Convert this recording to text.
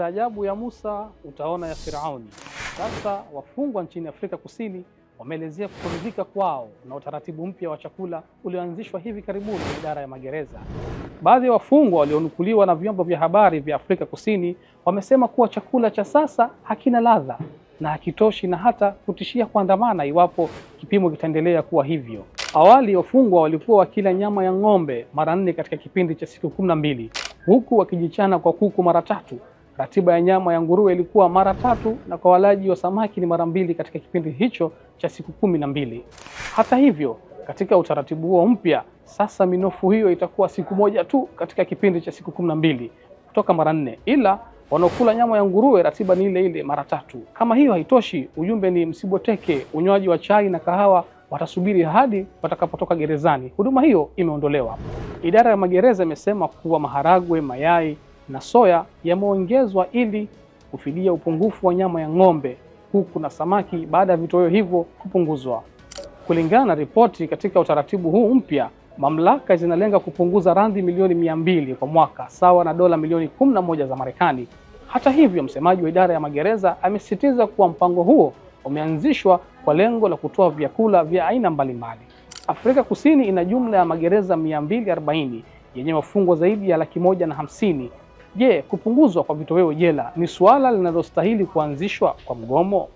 Staajabu ya Musa utaona ya Firauni. Sasa wafungwa nchini Afrika Kusini wameelezea kukuridhika kwao na utaratibu mpya wa chakula ulioanzishwa hivi karibuni na idara ya magereza. Baadhi ya wafungwa walionukuliwa na vyombo vya habari vya Afrika Kusini wamesema kuwa chakula cha sasa hakina ladha na hakitoshi na hata kutishia kuandamana iwapo kipimo kitaendelea kuwa hivyo. Awali wafungwa walikuwa wakila nyama ya ng'ombe mara nne katika kipindi cha siku kumi na mbili huku wakijichana kwa kuku mara tatu Ratiba ya nyama ya nguruwe ilikuwa mara tatu na kwa walaji wa samaki ni mara mbili katika kipindi hicho cha siku kumi na mbili. Hata hivyo, katika utaratibu huo mpya sasa minofu hiyo itakuwa siku moja tu katika kipindi cha siku kumi na mbili kutoka mara nne, ila wanaokula nyama ya nguruwe ratiba ni ile ile mara tatu. Kama hiyo haitoshi, ujumbe ni msiboteke unywaji wa chai na kahawa, watasubiri hadi watakapotoka gerezani. Huduma hiyo imeondolewa. Idara ya magereza imesema kuwa maharagwe, mayai na soya yameongezwa ili kufidia upungufu wa nyama ya ng'ombe, kuku na samaki baada ya vitoweo hivyo kupunguzwa. Kulingana na ripoti, katika utaratibu huu mpya mamlaka zinalenga kupunguza randi milioni mia mbili kwa mwaka, sawa na dola milioni kumi na moja za Marekani. Hata hivyo, msemaji wa idara ya magereza amesisitiza kuwa mpango huo umeanzishwa kwa lengo la kutoa vyakula vya aina mbalimbali. Afrika Kusini ina jumla ya magereza 240 yenye wafungwa zaidi ya laki moja na hamsini Je, kupunguzwa kwa vitoweo jela ni suala linalostahili kuanzishwa kwa mgomo?